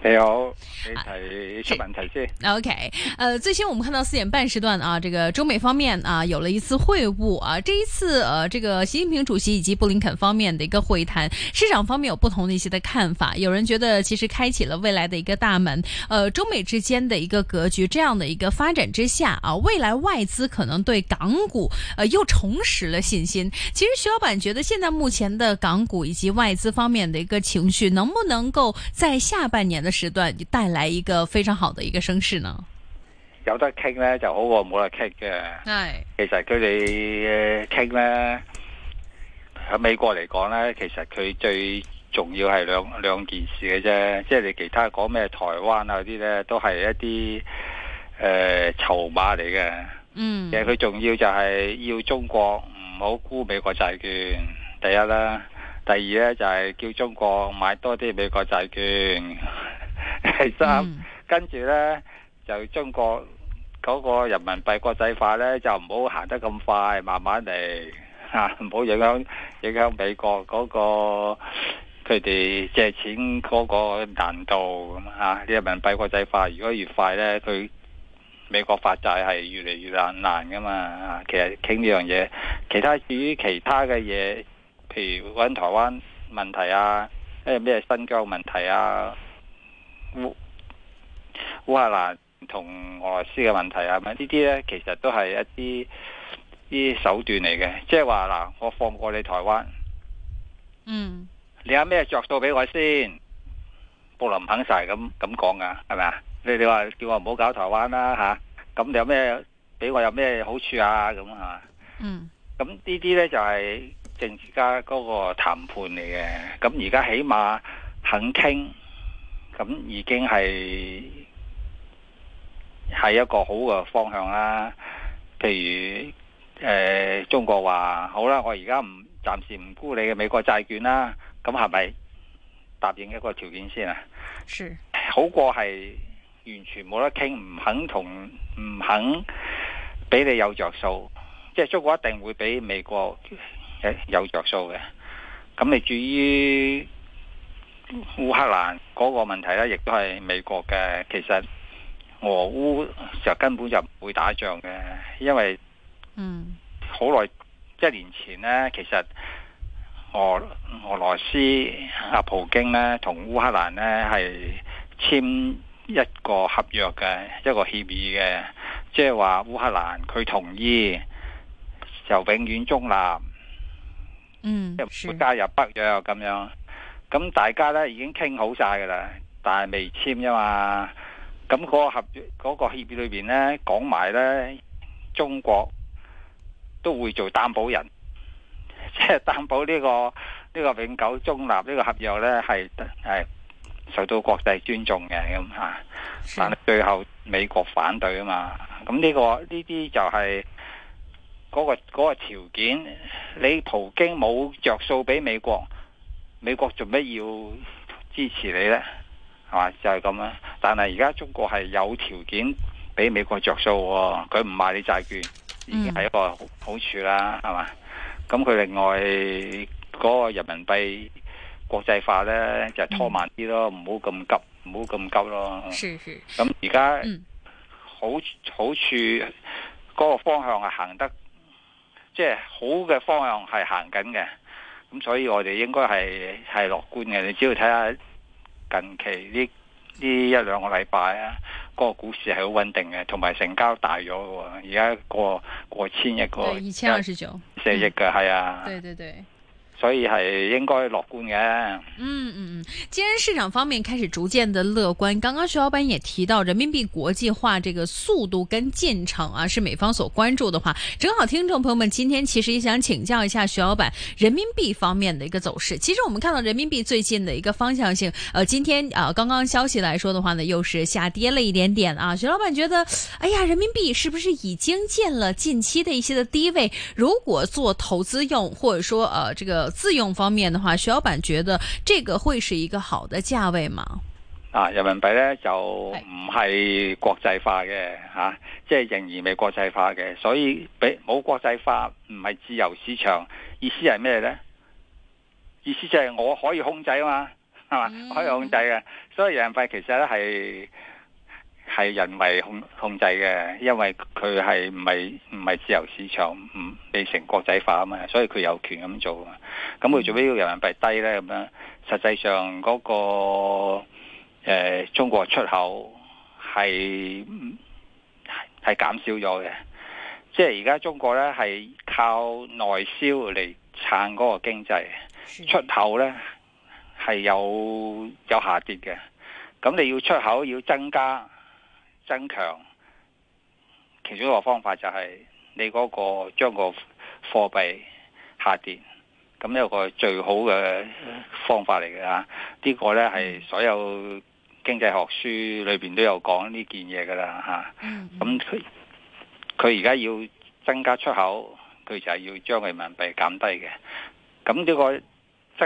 你好，你提出問題先。OK，呃，okay. uh, 最新我們看到四點半時段啊，uh, 這個中美方面啊、uh, 有了一次會晤啊，uh, 這一次呃，uh, 這個習近平主席以及布林肯方面的一個會談，市場方面有不同的一些的看法，有人覺得其實開啟了未來的一個大門，呃，中美之間的一個格局，這樣的一個發展之下啊，uh, 未來外資可能對港股，呃、uh,，又重拾了信心。其實徐老闆覺得現在目前的港股以及外資方面的一個情緒，能不能夠在下半年的？時段，你帶來一個非常好的一個聲勢呢？有得傾呢就好過冇得傾嘅。係、哎，其實佢哋傾呢，喺美國嚟講呢，其實佢最重要係兩兩件事嘅啫。即係你其他講咩台灣啊啲呢，都係一啲誒、呃、籌碼嚟嘅。嗯，其實佢重要就係要中國唔好沽美國債券，第一啦，第二呢，就係、是、叫中國買多啲美國債券。其三，嗯、跟住呢，就中國嗰個人民幣國際化呢，就唔好行得咁快，慢慢嚟嚇，唔、啊、好影響影響美國嗰、那個佢哋借錢嗰個難度咁嚇。你、啊、人民幣國際化如果越快呢，佢美國發債係越嚟越難難噶嘛、啊。其實傾呢樣嘢，其他至於其他嘅嘢，譬如揾台灣問題啊，誒咩新疆問題啊。烏烏克蘭同俄羅斯嘅問題係咪？呢啲咧，其實都係一啲啲手段嚟嘅，即係話嗱，我放過你台灣，嗯，你有咩着數俾我先？布林肯晒係咁咁講噶，係咪啊？啊你你話叫我唔好搞台灣啦吓，咁你有咩俾我有咩好處啊？咁啊？嗯，咁呢啲咧就係政治家嗰個談判嚟嘅，咁而家起碼肯傾。咁已經係係一個好嘅方向啦。譬如誒、呃，中國話好啦，我而家唔暫時唔沽你嘅美國債券啦。咁係咪答應一個條件先啊？是好過係完全冇得傾，唔肯同唔肯俾你有着數。即係中國一定會俾美國、欸、有着數嘅。咁你至於。烏克蘭嗰個問題咧，亦都係美國嘅。其實俄烏就根本就唔會打仗嘅，因為嗯好耐一年前呢，其實俄俄羅斯阿普京呢，同烏克蘭呢係簽一個合約嘅一個協議嘅，即係話烏克蘭佢同意就永遠中立，嗯，加入北約咁樣。咁大家咧已經傾好晒噶啦，但係未簽啫嘛。咁嗰個合約嗰個協議裏邊咧講埋咧，中國都會做擔保人，即係擔保呢個呢個永久中立呢個合約咧係係受到國際尊重嘅，咁啊。但係最後美國反對啊嘛，咁呢個呢啲就係嗰個嗰個條件，你普京冇着數俾美國。美國做咩要支持你呢？係嘛，就係咁啦。但係而家中國係有條件俾美國着數，佢唔賣你債券，已經係一個好處啦，係嘛、嗯。咁佢另外嗰、那個人民幣國際化呢，就係拖慢啲咯，唔好咁急，唔、嗯、好咁急咯。是。咁而家好好處嗰、那個方向係行得，即、就、係、是、好嘅方向係行緊嘅。咁、嗯、所以我哋應該係係樂觀嘅，你只要睇下近期呢呢一兩個禮拜啊，嗰、那個股市係好穩定嘅，同埋成交大咗嘅喎，而家過過千億個四億嘅係啊。對對對。所以係應該樂觀嘅。嗯嗯嗯，既然市場方面開始逐漸的樂觀，剛剛徐老闆也提到人民幣國際化這個速度跟進程啊，是美方所關注的話，正好聽眾朋友們今天其實也想請教一下徐老闆人民幣方面的一個走勢。其實我們看到人民幣最近的一個方向性，呃，今天啊、呃、剛剛消息來說的話呢，又是下跌了一點點啊。徐老闆覺得，哎呀，人民幣是不是已經見了近期的一些的低位？如果做投資用，或者說，呃，這個。自用方面的話，徐老闆覺得這個會是一個好的價位嗎？啊，人民幣咧就唔係國際化嘅吓，即、啊、係、就是、仍然未國際化嘅，所以俾冇國際化唔係自由市場，意思係咩咧？意思就係我可以控制啊嘛，係嘛、嗯， 可以控制嘅，所以人民幣其實咧係。係人為控控制嘅，因為佢係唔係唔係自由市場，唔未成國際化啊嘛，所以佢有權咁做啊嘛。咁佢做咩要人民幣低呢？咁樣實際上嗰個誒，中國出口係係減少咗嘅，即係而家中國呢係靠內銷嚟撐嗰個經濟，出口呢係有有下跌嘅。咁你要出口要增加。增強，其中一個方法就係你嗰個將個貨幣下跌，咁有個最好嘅方法嚟嘅吓，呢個呢係所有經濟學書裏邊都有講呢件嘢噶啦吓，咁佢佢而家要增加出口，佢就係要將人民幣減低嘅，咁呢個。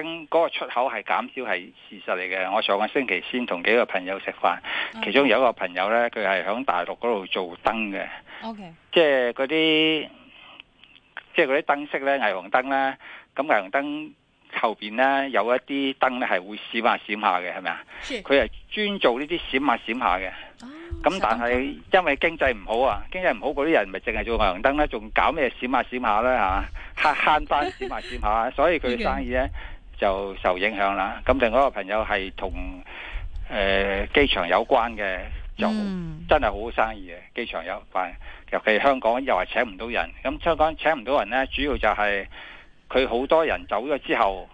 燈、嗰個出口係減少係事實嚟嘅。我上個星期先同幾個朋友食飯，其中有一個朋友呢，佢係響大陸嗰度做燈嘅。O Okay . K，即係嗰啲，即係嗰啲燈飾咧，霓虹燈啦，咁霓虹燈後邊咧有一啲燈呢係會閃下閃下嘅，係咪啊？佢係專做呢啲閃下閃下嘅。咁、oh，但係因為經濟唔好啊，經濟唔好，嗰啲人咪淨係做霓虹燈咧，仲搞咩閃下閃下呢？吓？慳慳翻閃下閃下，閃閃閃閃 所以佢生意呢。就受影響啦。咁另外一個朋友係同誒機場有關嘅，就真係好好生意嘅、嗯、機場有關。尤其香港又係請唔到人。咁香港請唔到人呢，主要就係佢好多人走咗之後，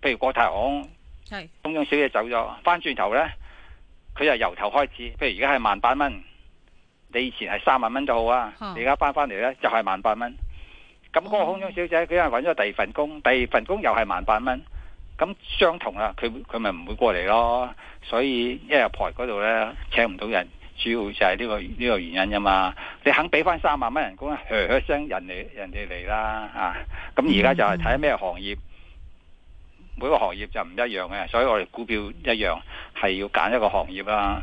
譬如國泰航，係是空中小姐走咗，翻轉頭呢，佢又由頭開始。譬如而家係萬八蚊，你以前係三萬蚊都好啊。你而家翻翻嚟呢，就係萬八蚊。咁嗰個空中小姐，佢、哦、又揾咗第二份工，第二份工又係萬八蚊。咁相同啦，佢佢咪唔會過嚟咯，所以一日排嗰度呢，請唔到人，主要就係呢個呢個原因啫嘛。你肯俾翻三萬蚊人工，噓一聲人嚟人哋嚟啦。咁而家就係睇咩行業，每個行業就唔一樣嘅，所以我哋股票一樣係要揀一個行業啦。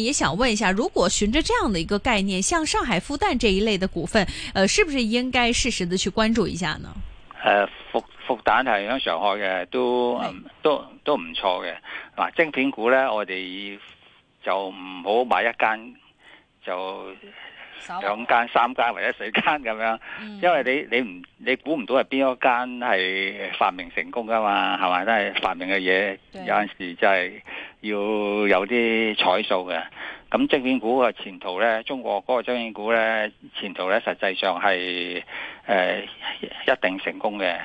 也想問一下，如果循着這樣的一個概念，像上海復旦這一類的股份，呃，是不是應該適時的去關注一下呢？誒、呃，復復旦係響上海嘅，都是、嗯、都都唔錯嘅。嗱、啊，晶片股咧，我哋就唔好買一間，就兩間、三間或者四間咁樣，嗯、因為你你唔你估唔到係邊一間係發明成功噶嘛，係咪？都係發明嘅嘢，對有陣時就係、是。要有啲彩數嘅，咁證券股嘅前途咧，中國嗰個證券股咧前途咧，實際上係誒、呃、一定成功嘅。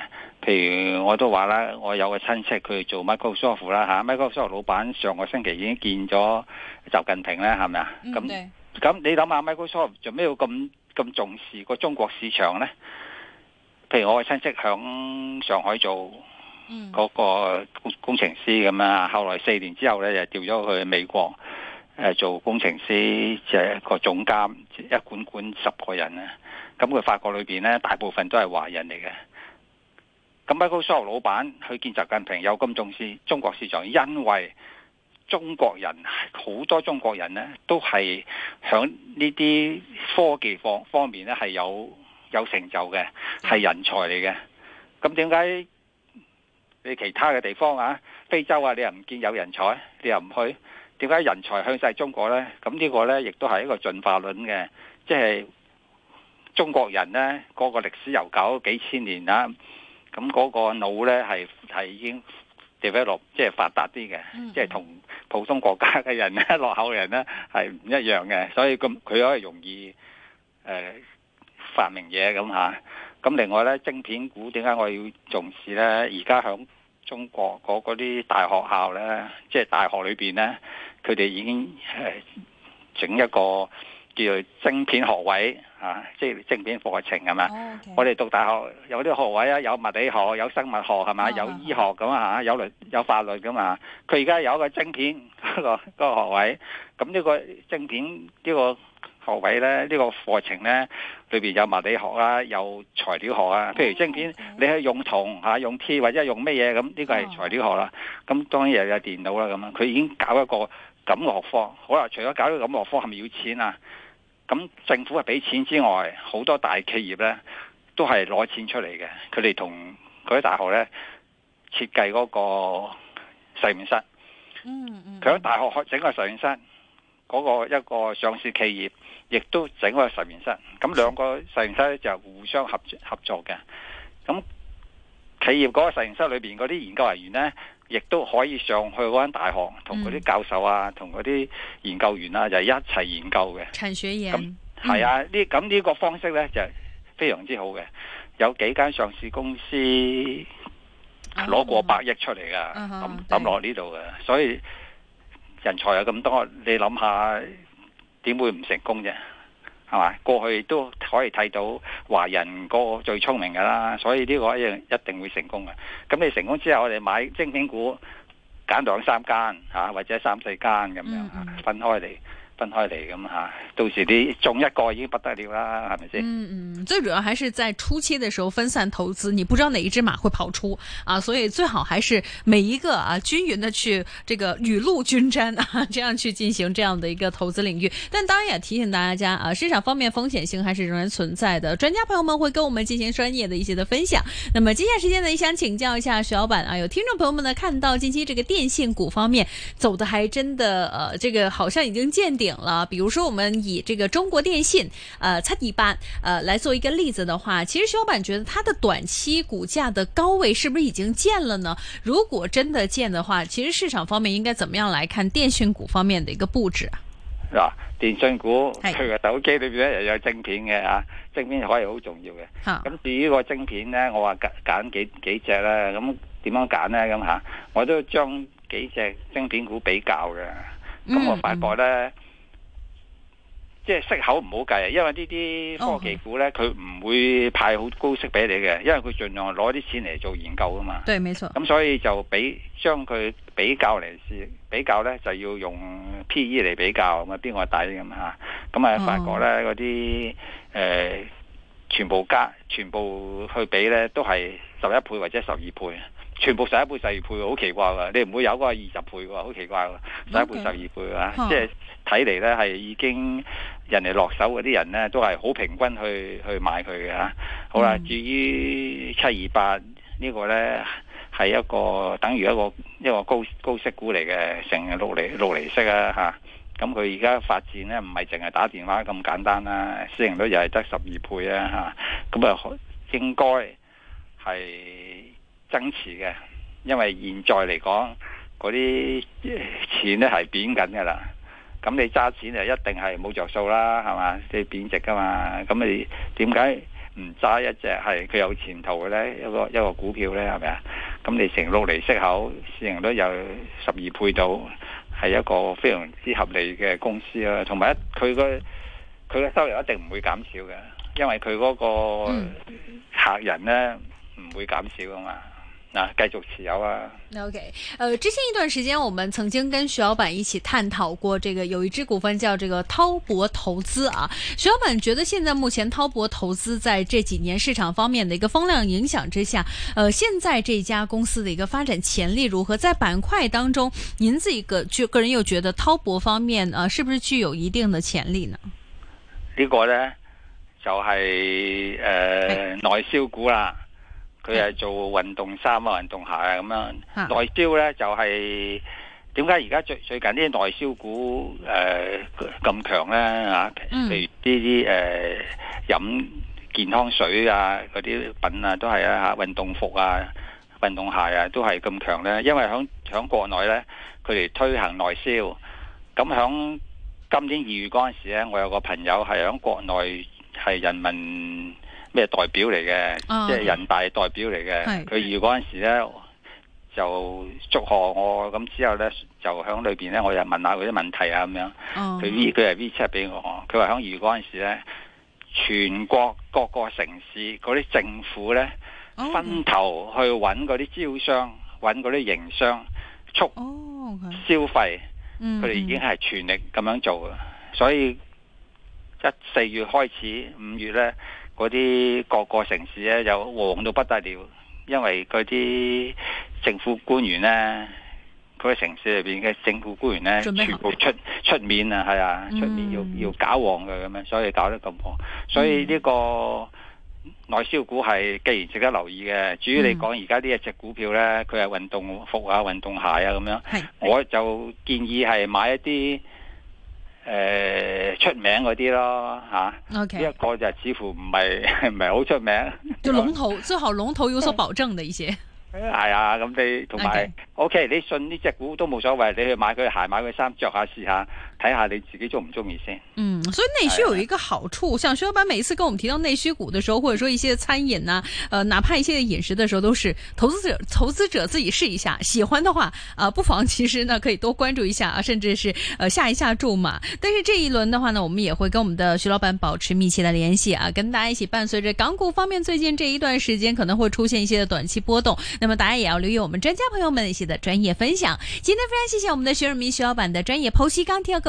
譬如我都話啦，我有個親戚佢做 Microsoft 啦、啊、吓，Microsoft 老闆上個星期已經見咗習近平啦，係咪啊？咁咁你諗下 Microsoft 做咩要咁咁重視個中國市場咧？譬如我嘅親戚響上海做。嗰、嗯、個工程師咁啊，後來四年之後咧，就調咗去美國，誒做工程師，做一個總監，一管管十個人啊。咁佢法國裏邊咧，大部分都係華人嚟嘅。咁一個商務老闆去見習近平，有咁重視中國市場，因為中國人好多中國人咧，都係響呢啲科技方方面咧，係有有成就嘅，係人才嚟嘅。咁點解？你其他嘅地方啊，非洲啊，你又唔見有人才，你又唔去，點解人才向晒中國咧？咁呢個咧，亦都係一個進化論嘅，即、就、係、是、中國人咧，嗰個歷史悠久幾千年啦、啊，咁、那、嗰個腦咧係係已經 develop 即係發達啲嘅，即係同普通國家嘅人咧 落後嘅人咧係唔一樣嘅，所以咁佢可以容易誒、呃、發明嘢咁吓。咁、啊、另外咧，晶片股點解我要重視咧？而家響中國嗰啲大學校咧，即係大學裏邊咧，佢哋已經誒整一個叫做晶片學位啊，即係晶片課程係嘛。Oh, okay. 我哋讀大學有啲學位啊，有物理學、有生物學係嘛，有醫學咁啊，有律有法律噶嘛。佢而家有一個晶片個個學位，咁呢個晶片呢個。學位咧，這個、課呢個課程咧裏邊有物理學啦、啊，有材料學啊。譬如晶片，Okay. 你係用銅吓，用鐵或者係用咩嘢咁，呢個係材料學啦、啊。咁、oh. 當然又有電腦啦。咁啊，佢已經搞一個感樂科。好啦，除咗搞呢個感樂科，係咪要錢啊？咁政府係俾錢之外，好多大企業咧都係攞錢出嚟嘅。佢哋同佢喺大學咧設計嗰個實驗室。嗯嗯。佢喺大學開整個實驗室。Mm hmm. 嗰個一個上市企業，亦都整個實驗室，咁兩個實驗室咧就互相合合作嘅。咁企業嗰個實驗室裏邊嗰啲研究人員咧，亦都可以上去嗰間大學，同嗰啲教授啊，同嗰啲研究員啊，就是、一齊研究嘅。陳雪怡，咁係那、嗯、啊？呢咁呢個方式咧就是、非常之好嘅。有幾間上市公司攞過百億出嚟噶，抌抌落呢度嘅，所以。人才有咁多，你諗下點會唔成功啫？係嘛，過去都可以睇到華人個最聰明噶啦，所以呢個一定一定會成功嘅。咁你成功之後，我哋買精品股揀兩三間吓，啊，或者三四間咁樣，啊，分開嚟。分開嚟，咁吓，到時你中一個已經不得了啦，係咪先？嗯嗯，最主要還是在初期的時候分散投資，你不知道哪一隻馬會跑出啊，所以最好還是每一個啊均勻的去這個雨露均沾啊，這樣去進行這樣的一個投資領域。但當然也提醒大家啊，市場方面風險性還是仍然存在的。專家朋友們會跟我們進行專業的一些的分享。那麼接下時間呢，也想請教一下徐老闆啊，有聽衆朋友們呢，看到近期這個電信股方面走得還真的，呃、啊，這個好像已經見頂。比如說我們以這個中國電信，呃，七二八，呃，來做一個例子的話，其實小板覺得它的短期股價的高位是不是已經見了呢？如果真的見的話，其實市場方面應該怎麼樣來看電訊股方面的一個布置？嗱、啊，電訊股，譬如手機裏邊咧又有晶片嘅啊，是晶片可以好重要嘅。咁好至於個晶片咧，我話揀揀幾幾隻咧，咁點樣揀咧？咁吓、啊，我都將幾隻晶片股比較嘅，咁我發覺咧。嗯嗯即係息口唔好計，因為呢啲科技股咧，佢唔會派好高息俾你嘅，因為佢盡量攞啲錢嚟做研究啊嘛。對，沒錯。咁、啊、所以就比將佢比較嚟試，比較咧就要用 PE 嚟比較，咁啊邊個大啲？咁、啊、吓？咁啊法國咧嗰啲誒，全部加全部去比咧，都係十一倍或者十二倍，全部十一倍十二倍，好奇怪,奇怪倍倍 Okay. 啊！你唔會有嗰二十倍嘅，好奇怪，十一倍十二倍啊！即係睇嚟咧係已經。人哋落手嗰啲人咧，都係好平均去去買佢嘅吓。好啦，至於七二八呢個咧，係一個等於一個一個高高息股嚟嘅，成六厘六厘息啊吓。咁佢而家發展咧，唔係淨係打電話咁簡單啦、啊，市盈率又係得十二倍啊吓。咁啊，嗯、應該係增持嘅，因為現在嚟講嗰啲錢咧係貶緊噶啦。咁你揸錢就一定係冇着數啦，係嘛？即係貶值噶嘛？咁你點解唔揸一隻係佢有前途嘅呢？一個一個股票呢，係咪啊？咁你成六厘息口市盈率都有十二倍到，係一個非常之合理嘅公司啦。同埋一佢個佢嘅收入一定唔會減少嘅，因為佢嗰個客人呢，唔會減少啊嘛。嗱，繼續持有啊！O K，誒，之前一段時間，我們曾經跟徐老闆一起探討過，這個有一支股份叫這個滔博投資啊。徐老闆覺得，現在目前滔博投資在這幾年市場方面的一個風量影響之下，誒、呃，現在這家公司的一個發展潛力如何？在板塊當中，您自己個個人又覺得滔博方面啊、呃，是不是具有一定的潛力呢？呢個呢，就係、是、誒、呃哎、內銷股啦。佢係 做運動衫啊、運動鞋啊咁樣內銷呢，就係點解而家最最近啲內銷股誒咁、呃、強呢？嚇、啊？譬如呢啲誒飲健康水啊、嗰啲品啊都係啊嚇，運動服啊、運動鞋啊都係咁強呢？因為響響國內呢，佢哋推行內銷。咁響今年二月嗰陣時咧，我有個朋友係響國內係人民。咩代表嚟嘅？Oh, okay. 即係人大代表嚟嘅。佢預嗰陣時咧，就祝賀我。咁之後咧，就響裏邊咧，我又問下佢啲問題啊，咁樣。佢、oh, okay. V 佢係 VChat 俾我。佢話響預嗰陣時咧，全國各個城市嗰啲政府咧，分頭去搵嗰啲招商，搵嗰啲營商促消費。佢哋、oh, okay. mm hmm. 已經係全力咁樣做。所以一四月開始，五月咧。嗰啲各個城市咧，又旺到不得了，因為嗰啲政府官員咧，佢、嗰個城市裏邊嘅政府官員咧，全部出出面啊，係啊，出面要、嗯、要搞旺佢咁樣，所以搞得咁旺。所以呢個內銷股係，既然值得留意嘅，至於你講而家呢一隻股票咧，佢係運動服啊、運動鞋啊咁樣，是我就建議係買一啲。誒、呃，出名嗰啲咯吓，呢、啊、一 Okay. 個就似乎唔係唔係好出名。就龍頭 最好龍頭有所保證嘅一些，係啊 哎，咁你同埋 okay.，OK，你信呢隻股都冇所謂，你去買佢鞋，買佢衫着下試下。睇下你自己中唔中意先。嗯，所以內需有一個好處，像徐老闆每一次跟我們提到內需股的時候，或者說一些餐飲呐、啊，呃，哪怕一些飲食的時候，都是投資者投資者自己試一下，喜歡的話，啊、呃，不妨其實呢可以多關注一下，啊，甚至是呃下一下注嘛。但是這一輪的話呢，我們也會跟我們的徐老闆保持密切的聯繫啊，跟大家一起伴隨着港股方面最近這一段時間可能會出現一些的短期波動，那麼大家也要留意我們專家朋友們一些的專業分享。今天非常謝謝我們的徐潤民徐老闆的專業剖析，鋼鐵股。